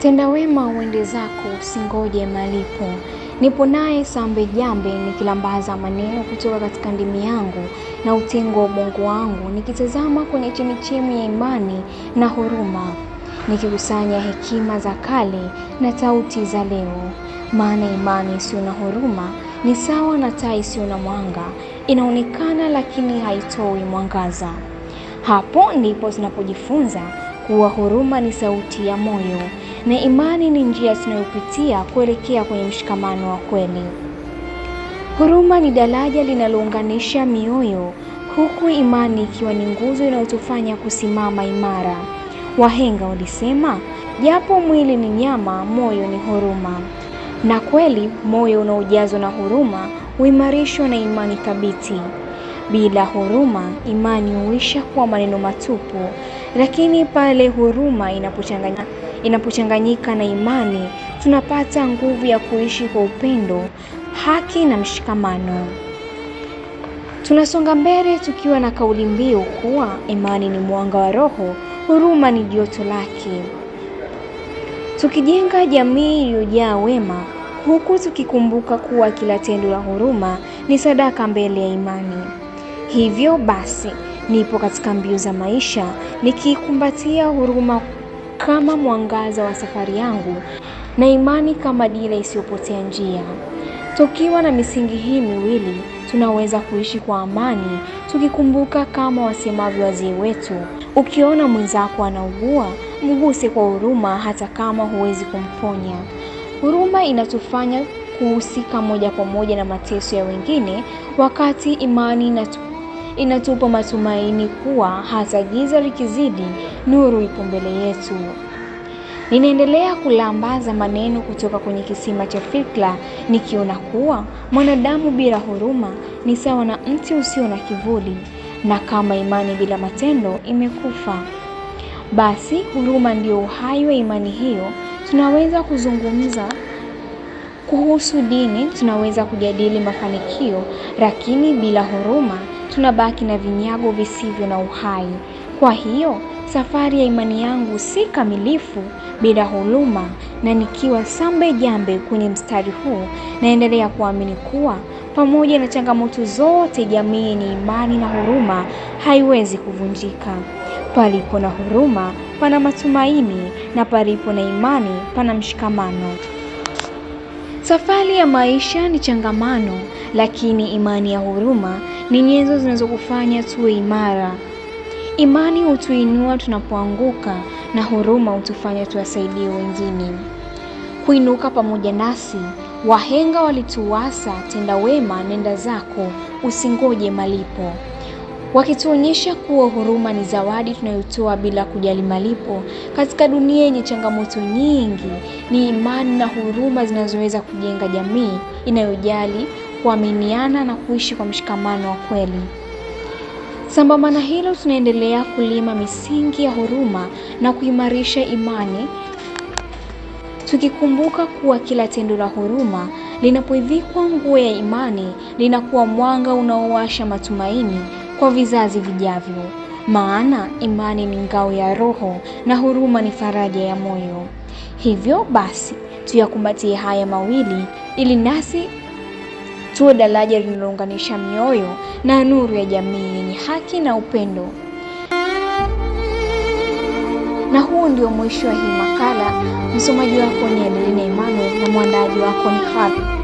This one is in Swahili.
Tenda wema uende zako, usingoje malipo. Nipo naye sambe jambe, nikilambaza maneno kutoka katika ndimi yangu na utengo wa ubongo wangu, nikitazama kwenye chemichemi ya imani na huruma, nikikusanya hekima za kale na tauti za leo. Maana imani isiyo na huruma ni sawa na taa isiyo na mwanga, inaonekana lakini haitoi mwangaza. Hapo ndipo tunapojifunza kuwa huruma ni sauti ya moyo na imani ni njia tunayopitia kuelekea kwenye mshikamano wa kweli. Huruma ni daraja linalounganisha mioyo, huku imani ikiwa ni nguzo inayotufanya kusimama imara. Wahenga walisema, japo mwili ni nyama, moyo ni huruma. Na kweli moyo unaojazwa na huruma huimarishwa na imani thabiti. Bila huruma, imani huisha kuwa maneno matupu, lakini pale huruma inapochanganyika inapochanganyika na imani, tunapata nguvu ya kuishi kwa upendo, haki na mshikamano. Tunasonga mbele tukiwa na kauli mbiu kuwa imani ni mwanga wa roho, huruma ni joto lake, tukijenga jamii iliyojaa wema, huku tukikumbuka kuwa kila tendo la huruma ni sadaka mbele ya imani. Hivyo basi, nipo katika mbio za maisha nikikumbatia huruma kama mwangaza wa safari yangu na imani kama dira isiyopotea njia. Tukiwa na misingi hii miwili, tunaweza kuishi kwa amani, tukikumbuka kama wasemavyo wazee wetu, ukiona mwenzako anaugua, mguse kwa huruma, hata kama huwezi kumponya. Huruma inatufanya kuhusika moja kwa moja na mateso ya wengine, wakati imani na inatupa matumaini kuwa hata giza likizidi, nuru ipo mbele yetu. Ninaendelea kulambaza maneno kutoka kwenye kisima cha fikra, nikiona kuwa mwanadamu bila huruma ni sawa na mti usio na kivuli, na kama imani bila matendo imekufa. Basi huruma ndio uhai wa imani hiyo. Tunaweza kuzungumza kuhusu dini, tunaweza kujadili mafanikio, lakini bila huruma tunabaki na vinyago visivyo na uhai. Kwa hiyo safari ya imani yangu si kamilifu bila huluma, na nikiwa sambe jambe kwenye mstari huu, naendelea kuamini kuwa pamoja na changamoto zote, jamii yenye imani na huruma haiwezi kuvunjika. Palipo na huruma pana matumaini, na palipo na imani pana mshikamano. Safari ya maisha ni changamano, lakini imani ya huruma ni nyenzo zinazokufanya tuwe imara. Imani hutuinua tunapoanguka na huruma hutufanya tuwasaidie wengine. Kuinuka pamoja nasi, wahenga walituasa, tenda wema, nenda zako, usingoje malipo wakituonyesha kuwa huruma ni zawadi tunayotoa bila kujali malipo. Katika dunia yenye changamoto nyingi, ni imani na huruma zinazoweza kujenga jamii inayojali, kuaminiana na kuishi kwa mshikamano wa kweli. Sambamba na hilo, tunaendelea kulima misingi ya huruma na kuimarisha imani, tukikumbuka kuwa kila tendo la huruma linapoivikwa nguo ya imani, linakuwa mwanga unaowasha matumaini kwa vizazi vijavyo, maana imani ni ngao ya roho na huruma ni faraja ya moyo. Hivyo basi tuyakumbatie haya mawili ili nasi tuwe daraja linalounganisha mioyo na nuru ya jamii yenye haki na upendo. Na huu ndio mwisho wa hii makala. Msomaji wako ni Adeline Emmanuel na mwandaaji wako ni Harry.